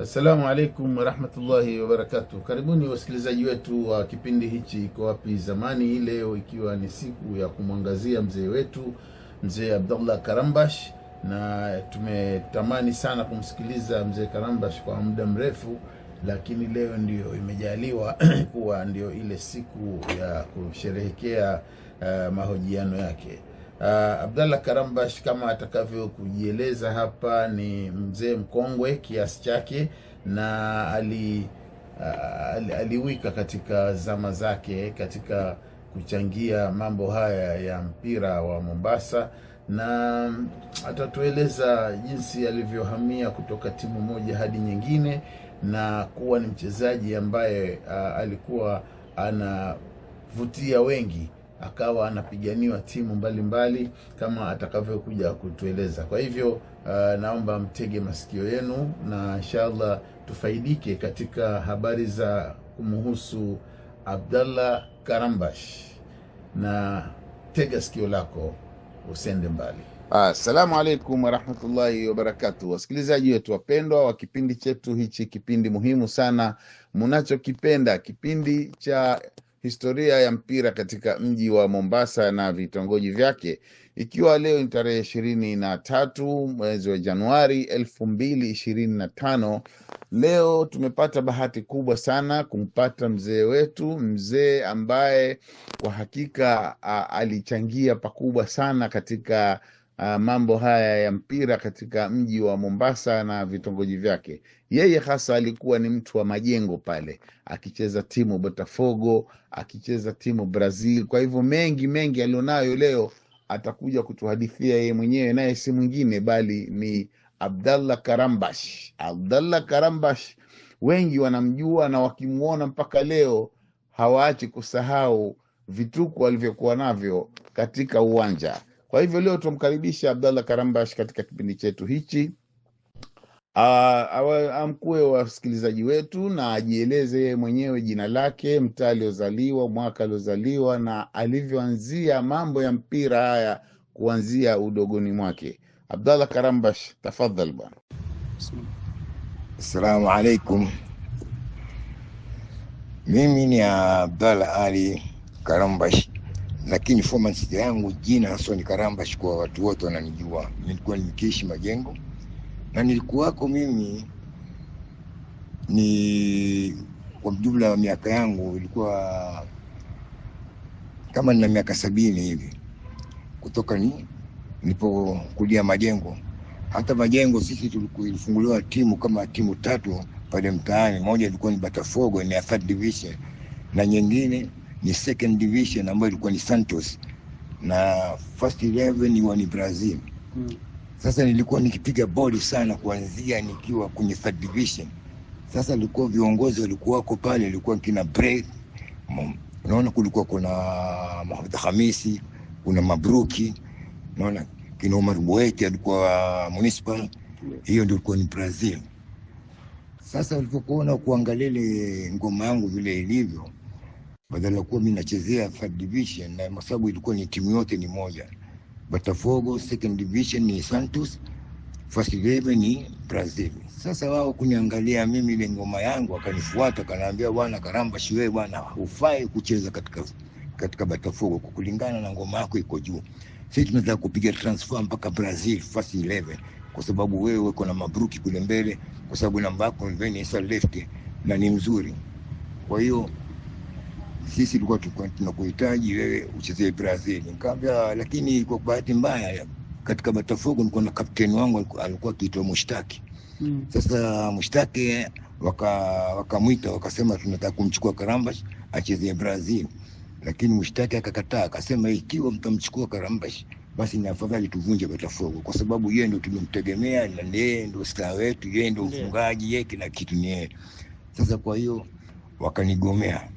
Assalamu alaikum warahmatullahi wabarakatuh. Karibuni wasikilizaji wetu wa kipindi hichi Iko Wapi Zamani hii leo, ikiwa ni siku ya kumwangazia mzee wetu mzee Abdullah Karambash, na tumetamani sana kumsikiliza mzee Karambash kwa muda mrefu, lakini leo ndio imejaliwa kuwa ndio ile siku ya kusherehekea uh, mahojiano yake. Uh, Abdallah Karambash kama atakavyokujieleza hapa ni mzee mkongwe kiasi chake na ali, uh, aliwika katika zama zake katika kuchangia mambo haya ya mpira wa Mombasa na um, atatueleza jinsi alivyohamia kutoka timu moja hadi nyingine na kuwa ni mchezaji ambaye uh, alikuwa anavutia wengi akawa anapiganiwa timu mbalimbali mbali, kama atakavyokuja kutueleza. Kwa hivyo uh, naomba mtege masikio yenu na inshallah tufaidike katika habari za kumhusu Abdallah Karambash, na tega sikio lako usende mbali. Assalamu alaikum warahmatullahi wabarakatu wasikilizaji wetu wapendwa wa kipindi chetu hichi, kipindi muhimu sana mnachokipenda, kipindi cha historia ya mpira katika mji wa Mombasa na vitongoji vyake, ikiwa leo ni tarehe ishirini na tatu mwezi wa Januari elfu mbili ishirini na tano. Leo tumepata bahati kubwa sana kumpata mzee wetu, mzee ambaye kwa hakika a, alichangia pakubwa sana katika uh, mambo haya ya mpira katika mji wa Mombasa na vitongoji vyake. Yeye hasa alikuwa ni mtu wa majengo pale, akicheza timu Botafogo, akicheza timu Brazil. Kwa hivyo mengi mengi alionayo leo atakuja kutuhadithia yeye mwenyewe, naye si mwingine bali ni Abdallah Karambash. Abdallah Karambash wengi wanamjua na wakimwona mpaka leo hawaachi kusahau vituko alivyokuwa navyo katika uwanja. Kwa hivyo leo tumkaribisha Abdallah Karambash katika kipindi chetu hichi, amkuwe wasikilizaji wetu na ajieleze yeye mwenyewe jina lake, mtaa aliozaliwa, mwaka aliozaliwa na alivyoanzia mambo ya mpira haya kuanzia udogoni mwake. Abdallah Karambash, tafadhal bwana. Assalamu alaikum. Mimi ni Abdallah Ali Karambash lakini performance yangu jina Hassan Karamba shikwa, watu wote wananijua. Nilikuwa nikiishi Majengo na nilikuwako mimi ni kwa jumla ya miaka yangu ilikuwa kama nina miaka sabini hivi kutoka ni nilipokulia Majengo. Hata Majengo sisi tulifunguliwa timu kama timu tatu pale mtaani, moja ilikuwa ni Batafogo ni third division na nyingine ni second division ambayo ilikuwa ni Santos na first 11 wa ni Brazil mm. Sasa nilikuwa nikipiga boli sana kuanzia nikiwa kwenye third division. Sasa ilikuwa viongozi walikuwa wako pale, ilikuwa kina break, mm, unaona, kulikuwa kuna Mohamed Hamisi, kuna Mabruki, unaona kina Omar Boete alikuwa municipal, hmm. hiyo ndio ilikuwa ni Brazil. Sasa walipokuona kuangalia ile ngoma yangu vile ilivyo mm badala kuwa mi nachezea third division, na kwa sababu ilikuwa ni timu yote ni moja, Botafogo second division ni Santos, first eleven ni Brazil. Sasa wao kuniangalia mimi ile ngoma yangu, akanifuata wakaniambia, bwana Karamba Shiwe, bwana hufai kucheza katika katika Botafogo kulingana na ngoma yako iko juu. Sisi tunataka kupiga transfer mpaka Brazil first 11 kwa sababu wewe uko na mabruki kule mbele, kwa sababu namba yako ni left na ni mzuri, kwa hiyo sisi tulikuwa tunakuhitaji wewe uchezee Brazil. Nikamwambia lakini kwa bahati mbaya katika matafugo nilikuwa na kapteni wangu alikuwa akiitwa Mushtaki. Mm. Sasa Mushtaki wakamwita waka wakasema tunataka kumchukua Karambash achezee Brazil, lakini Mushtaki akakataa, akasema ikiwa mtamchukua Karambash basi ni afadhali tuvunje matafugo kwa sababu yeye ndio tumemtegemea na yeye ndio star wetu, yeye ndio mfungaji, yeye kila kitu ni yeye. Sasa kwa hiyo wakanigomea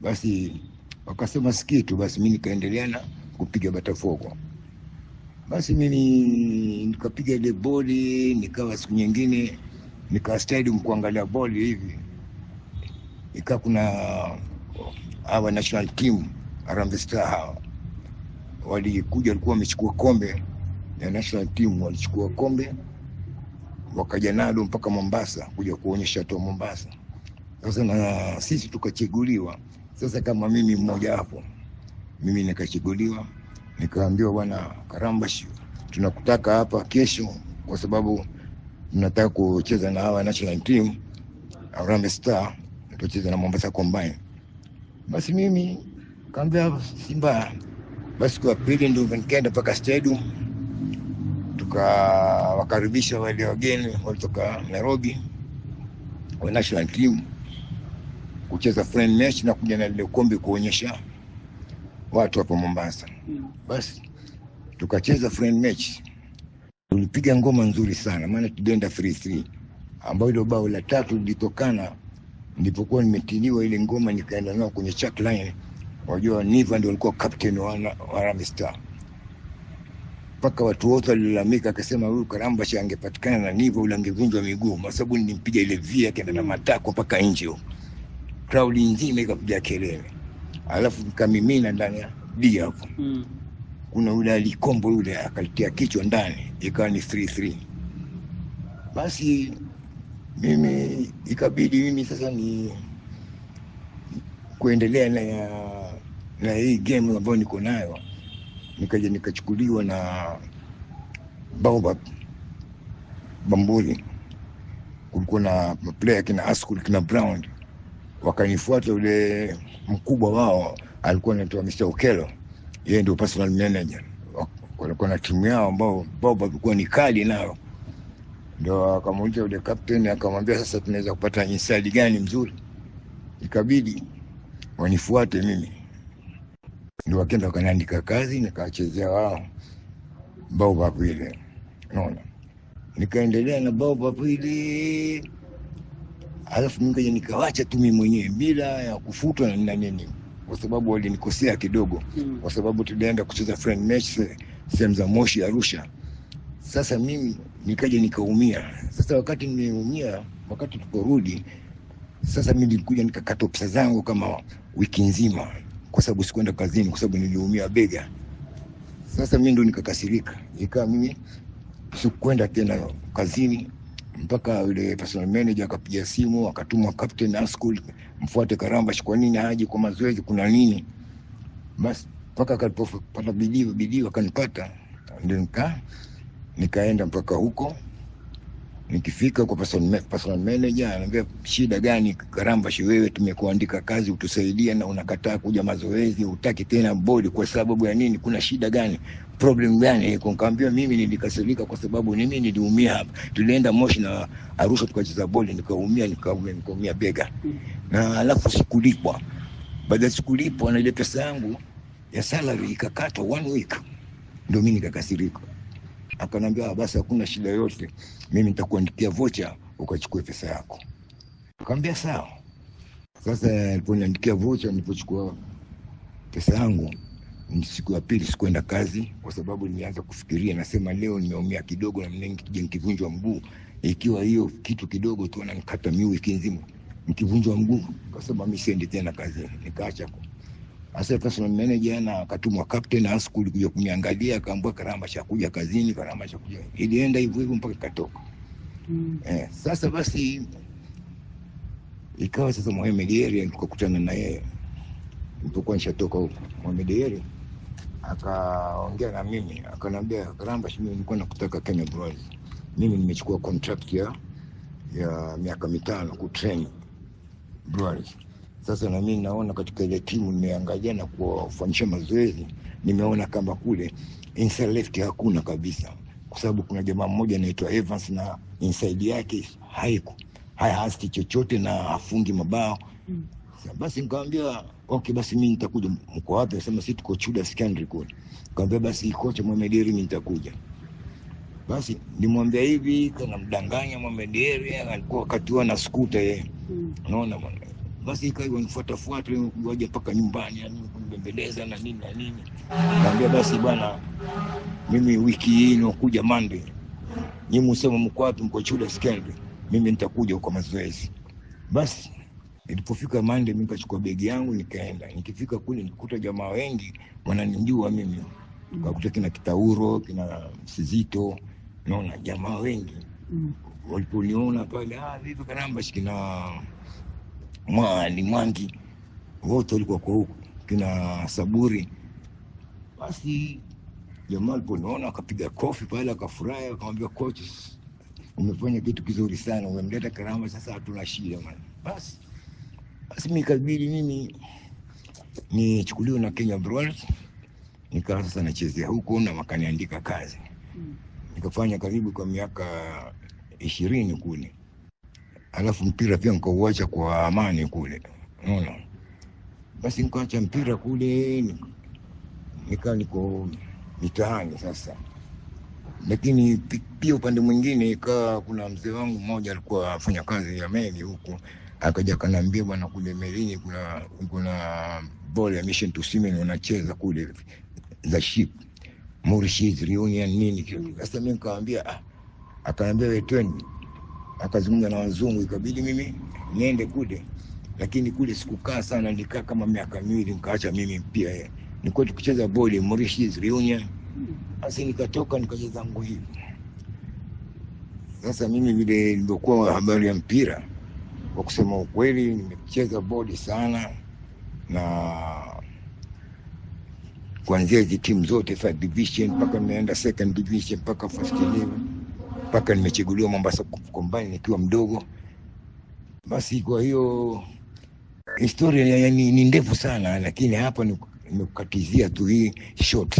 basi wakasema sikitu, basi mimi nikaendelea na kupiga batafogo Basi mimi nikapiga ile boli, nikawa siku nyingine nika stadium kuangalia boli hivi, ika kuna hawa national team Harambee Star hawa walikuja, walikuwa wamechukua kombe ya national team, walichukua kombe wakaja nalo mpaka Mombasa kuja kuonyesha to Mombasa. Sasa na sisi tukachaguliwa sasa kama mimi mmoja wapo, mimi nikachuguliwa, nikaambiwa bwana karambashi tunakutaka hapa kesho, kwa sababu mnataka kucheza na hawa national team Harambe Star, tutacheza na Mombasa Combine. Basi mimi kaambia Simba, Basi kwa pili ndio nikaenda mpaka stadium, tukawakaribisha wale wageni walitoka Nairobi wa national team kucheza friend match na kuja na lile kombe kuonyesha watu hapo Mombasa. Mm. Basi tukacheza friend match, tulipiga ngoma nzuri sana, maana tulienda 3-3 ambayo ile bao la tatu lilitokana nilipokuwa nimetiliwa ile ngoma, nikaenda nao kwenye chalk line. Wajua Niva ndio alikuwa captain wa Harambee Star, mpaka watu wote walilalamika, akasema huyu Karamba cha angepatikana na Niva ule angevunjwa miguu, kwa sababu nilimpiga ile via akaenda na matako mpaka nje huko crowd nzima ikapiga kelele, alafu nikamimina ndani ya di hapo mm. kuna yule alikombo yule akalitia kichwa ndani, ikawa ni 33 basi mimi ikabidi mimi sasa ni kuendelea na, na hii game ambayo niko nayo, nikaja nikachukuliwa na Baobab Bamburi. Kulikuwa na player kina Askul kina Brown wakanifuata yule mkubwa wao alikuwa anaitwa Mr. Okelo, yeye ndio personal manager. Walikuwa na timu yao ambao Bob alikuwa ni kali nao, ndio akamuuliza yule captain, akamwambia sasa tunaweza kupata inside gani mzuri, ikabidi wanifuate mimi, ndio wakaenda wakaniandika kazi, nikawachezea wao Bob ile, unaona, nikaendelea na Bob ile alafu nikaja nikawacha tu mimi mwenyewe bila ya kufutwa na nini, kwa sababu walinikosea kidogo, hmm. kwa sababu tulienda kucheza friend match sehemu za Moshi, Arusha. Sasa mimi nikaja nikaumia. Sasa wakati nimeumia, wakati tukorudi sasa, mimi nilikuja nikakata pesa zangu kama wiki nzima, kwa sababu sikuenda kazini, kwa sababu niliumia bega. Sasa mimi ndo nikakasirika, ikawa mimi sikukwenda tena kazini mpaka yule personal manager akapiga simu akatuma captain Askul, mfuate Karamba, kwa nini haji kwa mazoezi, kuna nini? Basi mpaka akapata bidii bidii, wakanipata ndio nika nikaenda mpaka huko. Nikifika kwa personal manager, anaambia shida gani Karambashi, wewe tumekuandika kazi utusaidia na unakataa kuja mazoezi, utaki tena bodi, kwa sababu ya nini? Kuna shida gani? Problem gani iko? Nikamwambia mimi nilikasirika kwa sababu mimi niliumia hapa. Tulienda Moshi na Arusha tukacheza bodi, nikaumia, nikaumia, nikaumia bega na alafu sikulipwa. Baada ya sikulipwa na ile pesa yangu ya salary ikakatwa one week, ndio mimi nikakasirika. Akaniambia ah, basi hakuna shida yote, mimi nitakuandikia vocha ukachukue pesa yako. Akaambia sawa. Sasa niliponiandikia vocha, nilipochukua pesa yangu, siku ya pili sikuenda kazi, kwa sababu nilianza kufikiria, nasema leo nimeumia kidogo, na mnengi nikivunjwa mguu, ikiwa hiyo kitu kidogo tu ananikata mimi wiki nzima, nikivunjwa mguu. Kasema mimi siendi tena kazini, nikaacha Hasa personal manager na akatumwa captain na school kuja kuniangalia, akaambia Karama shakuja kazini, Karama shakuja. Ilienda hivyo hivyo mpaka ikatoka. Mm. Eh, sasa basi ikawa sasa Mohamed Yeri tukakutana na yeye. Nilipokuwa nishatoka huko, Mohamed Yeri akaongea na mimi, akaniambia Karamba, shimi nilikuwa nakutaka Kenya Bros. Mimi nimechukua contract ya ya miaka mitano kutrain Bros. Sasa na mimi naona katika ile timu nimeangalia na kuwafanyisha mazoezi, nimeona kama kule inside left hakuna kabisa, kwa sababu kuna jamaa mmoja anaitwa Evans na inside yake haiko haya hasti chochote na hafungi mabao mm. Basi nikamwambia okay, basi mimi nitakuja. Mko wapi? Asema sisi tuko Chuda Secondary School. Nikamwambia basi kocha Mohamed Eri, mimi nitakuja. Basi nimwambia hivi, kana mdanganya Mohamed Eri, alikuwa wakati na skuta yeye, mm. unaona mm. bwana basi ikawa wanifuatafuata waje mpaka nyumbani, yani kunibembeleza na nini na nini. Naambia basi bwana, mimi wiki hii inakuja mande, nyinyi msema mko wapi? Mko chuda skendi, mimi nitakuja kwa mazoezi. Basi nilipofika mande, mimi nikachukua begi yangu nikaenda. Nikifika kule nikuta jamaa wengi wananijua mimi, kakuta kina Kitauro kina Msizito, naona jamaa wengi mm. waliponiona pale, ah, vipi Karamba shikina Mwali Mwangi wote walikuwa kwa huku kina Saburi. Basi jamaa aliponiona akapiga kofi pale, akafurahi, akamwambia kocha umefanya kitu kizuri sana, umemleta Karama, sasa hatuna shida man. Basi basi mimi kabidi mimi nichukuliwe na Kenya Breweries nikawa sasa nachezea huko na wakaniandika kazi, hmm. nikafanya karibu kwa miaka ishirini kule alafu mpira pia nikauacha kwa amani kule, unaona. Basi nikaacha mpira kule, nikaa niko mitaani sasa. Lakini pia upande mwingine ikawa kuna mzee wangu mmoja alikuwa afanya kazi ya meli huku, akaja kanaambia, bwana, kule melini kuna kuna bol ya Mission to Seamen wanacheza kule za ship Mauritius reunion nini. Sasa mi nikamwambia, ah, akaambia wewe twende akazungumza na wazungu, ikabidi mimi niende kule, lakini kule sikukaa sana, nikaa kama miaka miwili, nikaacha mimi pia. ye nilikuwa tukicheza boli Mauritius Reunion, basi nikatoka nikaja zangu hivi. Sasa mimi vile nilivyokuwa habari ya mpira, kwa kusema ukweli, nimecheza boli sana na kuanzia hizi timu zote third division mpaka nimeenda second division mpaka first level mpaka nimechaguliwa Mombasa Kombani nikiwa mdogo. Basi kwa hiyo historia ya, ya, ni ni ndefu sana, lakini hapa nimekukatizia tu hii short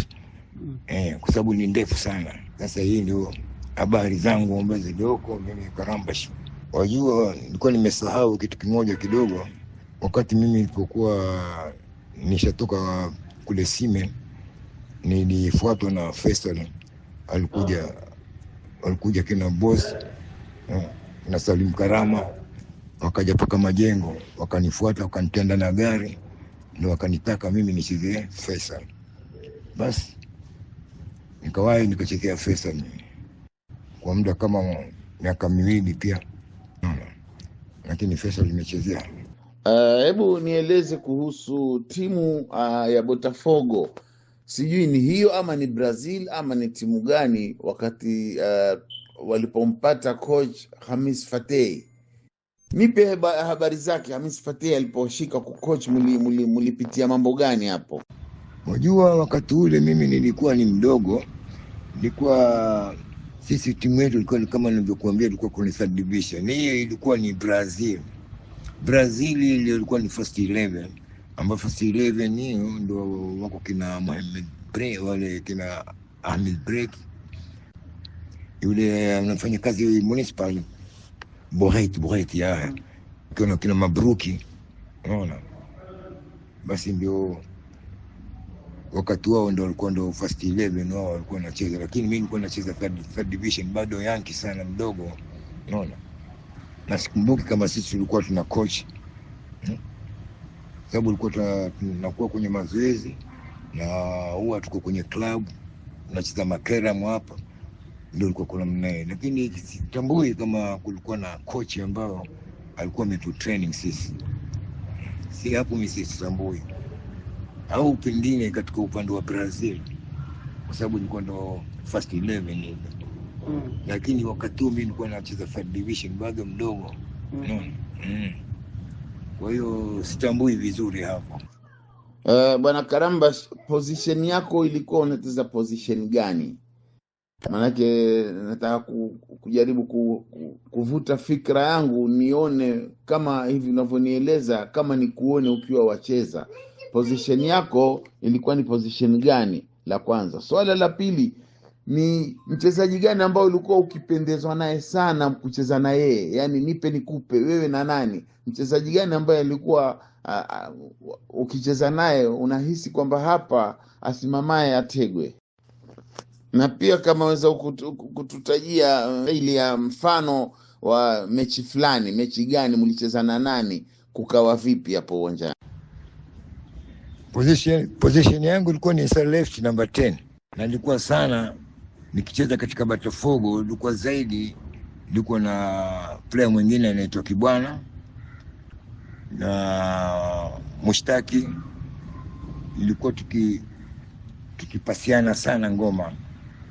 mm. eh, kwa sababu ni ndefu sana. Sasa hii ndio habari zangu ambazo zilioko mimi Karambash. Wajua, nilikuwa nimesahau kitu kimoja kidogo, wakati mimi nilipokuwa nishatoka kule Simen, nilifuatwa na Festival alikuja oh walikuja kina boss eh, na Salim Karama, wakaja paka majengo, wakanifuata wakanitenda na gari, ndio wakanitaka mimi nichezee Faisal. Basi nikawahi nikachezea Faisal kwa muda kama miaka miwili pia, hmm, lakini Faisal imechezea eh, Hebu uh, nieleze kuhusu timu uh, ya Botafogo sijui ni hiyo ama ni Brazil ama ni timu gani, wakati uh, walipompata coach Hamis Fatei. Nipe habari zake Hamis Fatei aliposhika kukoch mulipitia mambo gani hapo? Wajua, wakati ule mimi nilikuwa ni mdogo, nilikuwa sisi timu yetu ilikuwa kama nilivyokuambia, ilikuwa kwenye third division. Hiyo ilikuwa ni Brazil. Brazil ilikuwa ni first ambapo si 11 hiyo ndo wako kina Mohamed Bray, wale kina Ahmed Breki yule anafanya kazi municipal Bohait Bohait ya hmm. kuna kina Mabruki, unaona. Basi ndio wakati wao ndio walikuwa ndio first 11 wao walikuwa wanacheza, lakini mimi nilikuwa nacheza third, third division bado yanki sana mdogo, unaona, na sikumbuki kama sisi tulikuwa tuna coach sababu ulikuwa tunakuwa kwenye mazoezi na huwa tuko kwenye klabu tunacheza makeram hapa, ndio ulikuwa kuna mnae, lakini sitambui kama kulikuwa na kochi ambao alikuwa ametu training sisi, si hapo mimi sitambui, au pengine katika upande wa Brazil kwa sababu nilikuwa ndo first 11 ile mm. Lakini wakati huo mimi nilikuwa nacheza third division bado mdogo mm. mm. Kwa hiyo sitambui vizuri hapo. Uh, Bwana Karamba, position yako ilikuwa unacheza position gani? Maanake nataka ku, kujaribu ku, ku, kuvuta fikra yangu nione kama hivi unavyonieleza, kama ni kuone ukiwa wacheza, position yako ilikuwa ni position gani? La kwanza. Swala la pili ni mchezaji gani ambao ulikuwa ukipendezwa naye sana kucheza na yeye, yaani nipe nikupe wewe na nani, mchezaji gani ambaye alikuwa ukicheza naye unahisi kwamba hapa asimamaye ategwe? Na pia kama weza kututajia eh, ili ya mfano wa mechi fulani, mechi gani mlicheza na nani, kukawa vipi hapo uwanjani? Position, position yangu ilikuwa ni left number 10 na nilikuwa sana nikicheza katika Batafogo ilikuwa zaidi, ilikuwa na player mwingine anaitwa Kibwana na Mushtaki, ilikuwa tuki tukipasiana sana ngoma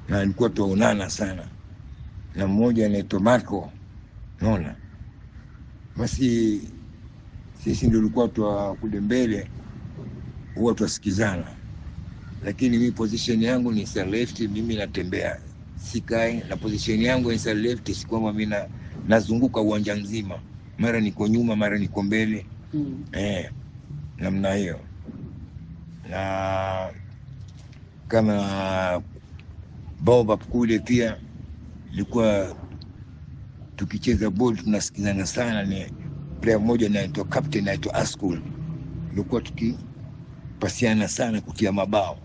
na ilikuwa tuonana sana na mmoja anaitwa Marco, naona basi sisi ndio likuwa twa kule mbele huwa twasikizana lakini mi position yangu ni sa left, mimi natembea sikai, na position yangu sa left si kwamba mi nazunguka uwanja mzima, mara niko nyuma, mara niko mbele mm. eh, namna hiyo na kama Baobab kule pia ilikuwa tukicheza ball tunasikizana sana. Ni player mmoja anaitwa captain, anaitwa Askul, ilikuwa tukipasiana sana kutia mabao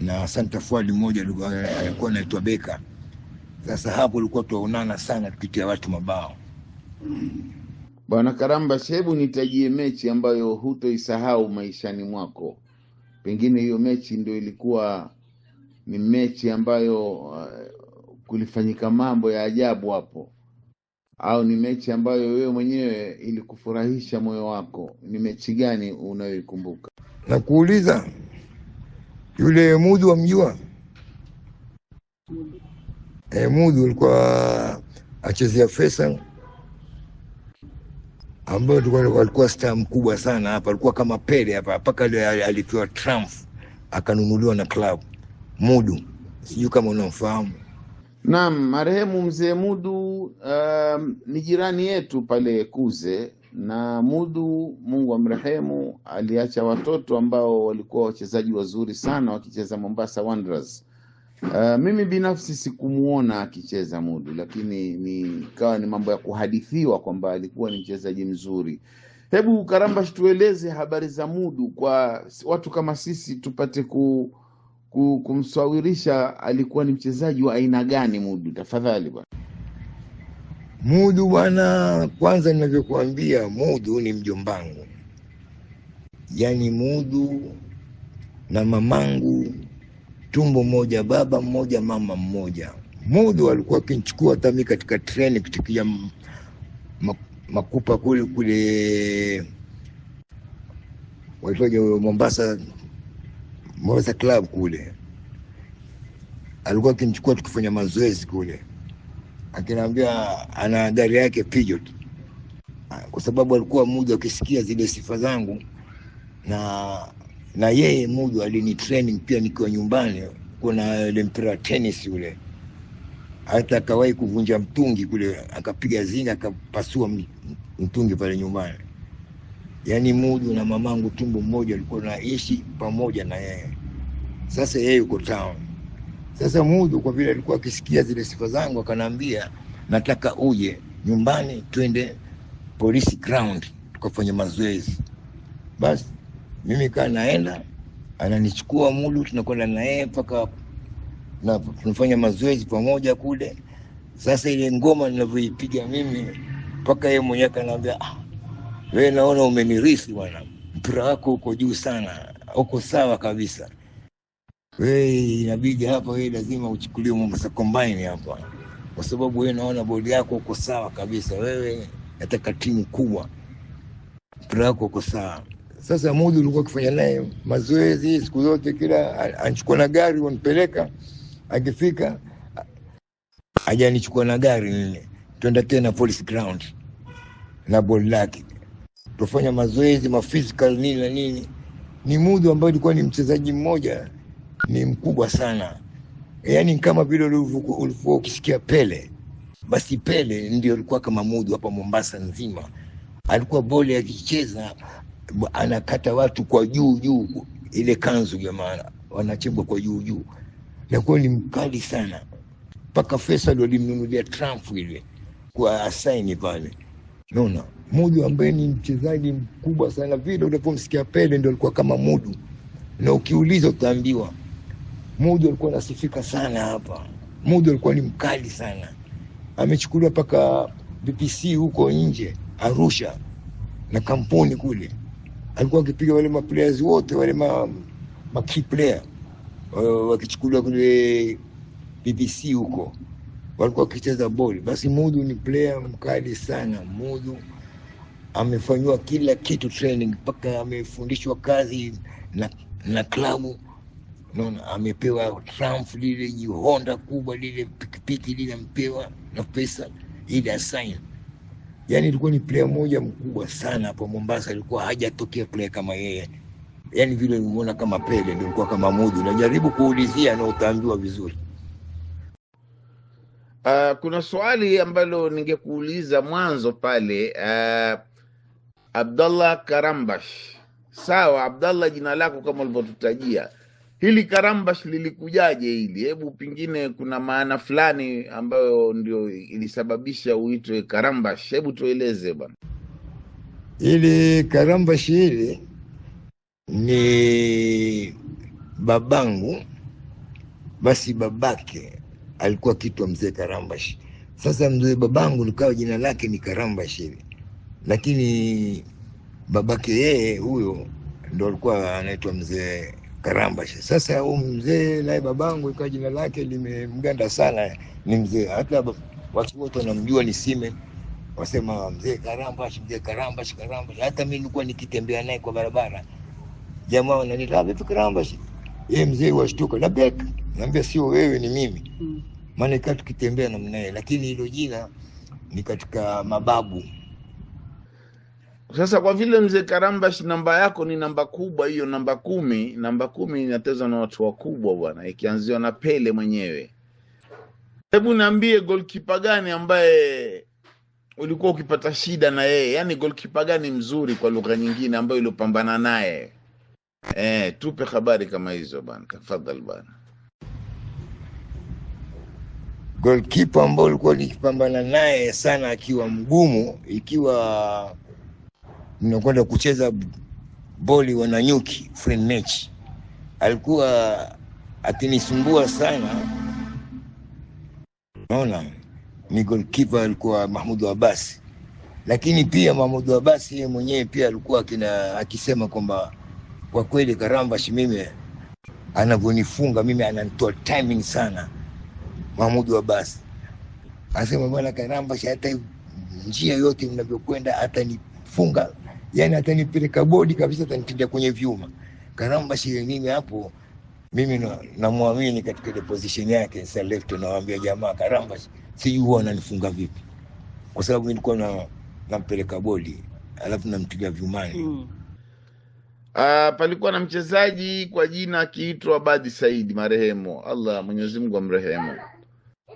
na Santa Fuad mmoja alikuwa anaitwa Beka. Sasa hapo ulikuwa tunaonana sana tukitia watu mabao. Bwana Karamba, hebu nitajie mechi ambayo hutoisahau maishani mwako. Pengine hiyo mechi ndio ilikuwa ni mechi ambayo uh, kulifanyika mambo ya ajabu hapo, au ni mechi ambayo wewe mwenyewe ilikufurahisha moyo wako? Ni mechi gani unayoikumbuka? Nakuuliza. Yule Mudhu wamjua? E, Mudhu alikuwa achezea Faisal ambayo alikuwa star mkubwa sana hapa, alikuwa kama Pele hapa mpaka alipewa Trump akanunuliwa na club. Mudhu, sijui kama unamfahamu. Naam, marehemu mzee Mudhu um, ni jirani yetu pale Kuze na Mudu, Mungu amrehemu, aliacha watoto ambao walikuwa wachezaji wazuri sana wakicheza Mombasa Wanderers. Uh, mimi binafsi sikumuona akicheza Mudu, lakini nikawa ni mambo ya kuhadithiwa kwamba alikuwa ni mchezaji mzuri. Hebu Karamba, tueleze habari za Mudu kwa watu kama sisi tupate ku, ku, kumswawirisha alikuwa ni mchezaji wa aina gani Mudu, tafadhali ba. Mudu bwana, kwanza ninavyokuambia, Mudu ni mjombangu, yaani Mudu na mamangu tumbo moja, baba mmoja, mama mmoja. Mudu alikuwa akinichukua hata mimi katika treni kutikia makupa kule kule walitoja Mombasa, Mombasa Club kule, alikuwa akinchukua tukifanya mazoezi kule akiniambia ana gari yake Peugeot, ah, kwa sababu alikuwa mmoja, ukisikia zile sifa zangu na na yeye mmoja alini training pia nikiwa nyumbani, kuna ile mpira tennis ule, hata akawahi kuvunja mtungi kule, akapiga zinga, akapasua mtungi pale nyumbani. Yani muju na mamangu tumbo mmoja, alikuwa naishi pamoja na yeye. Sasa yeye yuko town sasa Mudhu kwa vile alikuwa akisikia zile sifa zangu, akanaambia nataka uje nyumbani, twende polisi ground tukafanya mazoezi. Basi mimi kaa naenda, ananichukua Mudhu, tunakwenda naye mpaka na tunafanya mazoezi pamoja kule. Sasa ile ngoma ninavyoipiga mimi, mpaka yeye mwenyewe kanaambia, ah, wewe naona umenirisi bwana, mpira wako uko juu sana, uko sawa kabisa wewe inabidi hapa wewe lazima uchukuliwe Mombasa Combine hapa, kwa sababu wewe naona bodi yako uko sawa kabisa, wewe nataka timu kubwa, mpira yako uko sawa. Sasa Mudu ulikuwa ukifanya naye mazoezi siku zote, kila anachukua na gari wanipeleka, akifika ajanichukua na gari lile, twenda tena police ground na bodi lake, tufanya mazoezi maphysical nini na nini. Ni Mudu ambaye ilikuwa ni mchezaji mmoja ni mkubwa sana, yaani kama vile ulivyokuwa ukisikia Pele, basi Pele ndio alikuwa kama Mudu hapa Mombasa nzima. Alikuwa bole akicheza anakata watu kwa juu juu, ile kanzu jamaa wanachimbwa kwa juu juu, na kwa ni mkali sana mpaka ndio alimnunulia Trump ile kwa asaini pale. Unaona, Mudu ambaye ni mchezaji mkubwa sana, vile unavyomsikia Pele ndio alikuwa kama Mudu, na ukiuliza utaambiwa Mudi alikuwa anasifika sana hapa. Mudi alikuwa ni mkali sana, amechukuliwa mpaka BPC huko nje Arusha na kampuni kule, alikuwa akipiga wale ma players wote wale ma, ma key player wakichukuliwa kule BBC huko walikuwa wakicheza boli. Basi Mudu ni player mkali sana. Mudu amefanyiwa kila kitu training, mpaka amefundishwa kazi na, na klabu Naona amepewa Trump lile Honda kubwa lile pikipiki lile ampewa na pesa ile asign. Yani ilikuwa ni player moja mkubwa sana hapo Mombasa, alikuwa hajatokea player kama yeye. Yani vile unaona kama Pele ndio alikuwa kama Modu, unajaribu kuulizia na utaambiwa vizuri. Uh, kuna swali ambalo ningekuuliza mwanzo pale uh, Abdallah Karambash. Sawa Abdallah, jina lako kama ulivyotutajia hili Karambash lilikujaje hili? Hebu pengine kuna maana fulani ambayo ndio ilisababisha uitwe Karambash, hebu tueleze bwana. Ili Karambash hili ni babangu, basi babake alikuwa kitwa mzee Karambash. Sasa mzee babangu likawa jina lake ni Karambash hili, lakini babake yeye huyo ndo alikuwa anaitwa mzee Karambashe. Sasa huyu mzee naye babangu ikawa jina lake limemganda sana, ni mzee, hata watu wote wanamjua ni Sime, wasema mzee Karambashe, mzee Karambashe, Karambashe. Hata mimi nilikuwa nikitembea naye kwa barabara, jamaa wananiita ah, vipi, Karambashe? Eh, Yeye mzee washtuka, labda naambia sio wewe, ni mimi, hmm. maana ikaa tukitembea namna hiyo, lakini hilo jina ni katika mababu sasa kwa vile mzee Karambash namba yako ni namba kubwa, hiyo namba kumi, namba kumi inatezwa na watu wakubwa bwana, ikianziwa na Pele mwenyewe. Hebu niambie golkipa gani ambaye ulikuwa ukipata shida na yeye, yaani golkipa gani mzuri kwa lugha nyingine ambayo uliopambana naye? e, tupe habari kama hizo bana, tafadhali bana. Golkipa ambao ulikuwa nikipambana naye sana akiwa mgumu, ikiwa mnakwenda kucheza boli wananyuki friend match. Alikuwa akinisumbua sana, naona ni goalkeeper alikuwa Mahmudu Abbas, lakini pia Mahmudu Abbas yeye mwenyewe pia alikuwa akina, akisema kwamba kwa kweli Karambash mimi anavyonifunga mimi ananitoa timing sana. Mahmudu Abbas anasema bwana Karambash, hata njia yote mnavyokwenda atanifunga yani atanipeleka bodi kabisa, atanipiga kwenye vyuma. karamu. Basi mimi hapo mimi namwamini na katika ile position yake. Sasa left nawaambia jamaa, Karamba sijui huwa ananifunga vipi, kwa sababu mimi nilikuwa na nampeleka bodi alafu nampiga vyumani mm. Uh, palikuwa na mchezaji kwa jina akiitwa Badi Saidi marehemu, Allah Mwenyezi Mungu amrehemu.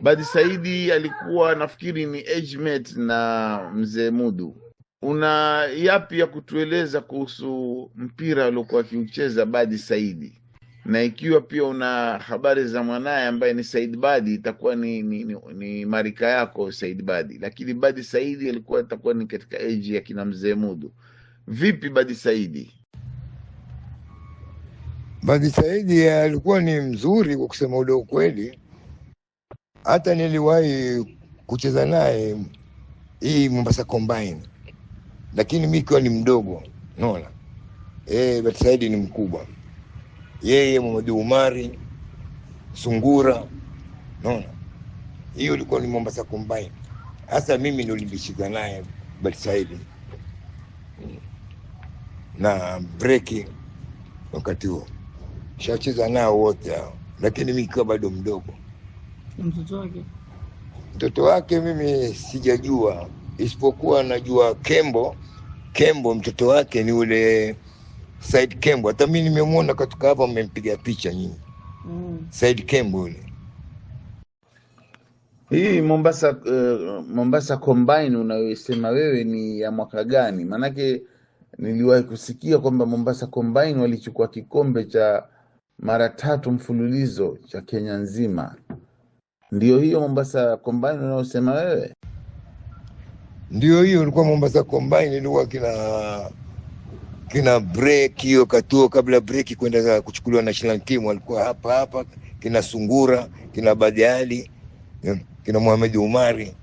Badi Saidi alikuwa nafikiri ni age mate na mzee Mudu una yapi ya kutueleza kuhusu mpira aliokuwa akiucheza Badi Saidi, na ikiwa pia una habari za mwanaye ambaye ni Said Badi, itakuwa ni, ni, ni, ni marika yako Said Badi, lakini Badi Saidi alikuwa itakuwa ni katika eji ya kina mzee Mudu. Vipi Badi Saidi? Badi Saidi alikuwa ni mzuri kwa kusema ule ukweli, hata niliwahi kucheza naye hii Mombasa Combine lakini mimi ikiwa ni mdogo, unaona eh, Batisaidi ni mkubwa, yeye Muhammadu Umari Sungura, unaona hiyo ilikuwa ni Mombasa Combine. Hasa mimi ndio nilibishika naye Batisaidi na breki wakati huo shacheza nao wote hao, lakini mimi ikiwa bado mdogo. Mtoto wake mtoto wake mimi sijajua isipokuwa najua Kembo Kembo mtoto wake ni ule Said Kembo. Hata mimi nimemwona katika hapa, mmempiga picha nyinyi mm. Said Kembo ule hii Mombasa uh, Mombasa Combine unayosema wewe ni ya mwaka gani? Maanake niliwahi kusikia kwamba Mombasa Combine walichukua kikombe cha mara tatu mfululizo cha Kenya nzima. Ndiyo hiyo Mombasa Combine unayosema wewe? ndio hiyo ilikuwa Mombasa Combine, ilikuwa kina kina break hiyo katuo, kabla break kwenda kuchukuliwa national team, walikuwa hapa hapa kina Sungura, kina Badiali, eh, kina Mohamed Umari,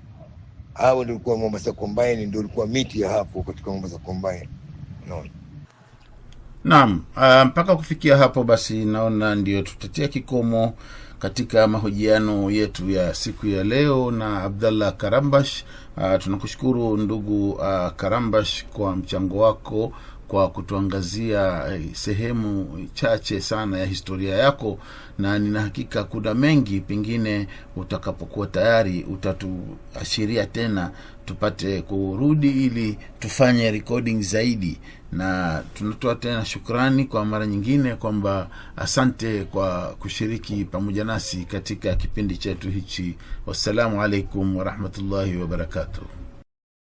hao ndio walikuwa Mombasa Combine, ndio walikuwa miti ya hapo katika Mombasa Combine no. Naam, ah, mpaka kufikia hapo basi naona ndio tutatia kikomo katika mahojiano yetu ya siku ya leo na Abdallah Karambash. Uh, tunakushukuru ndugu uh, Karambash kwa mchango wako kwa kutuangazia eh, sehemu chache sana ya historia yako, na nina hakika kuna mengi, pengine utakapokuwa tayari utatuashiria tena tupate kurudi ili tufanye recording zaidi na tunatoa tena shukrani kwa mara nyingine kwamba asante kwa kushiriki pamoja nasi katika kipindi chetu hichi. Wassalamu alaikum warahmatullahi wabarakatuh.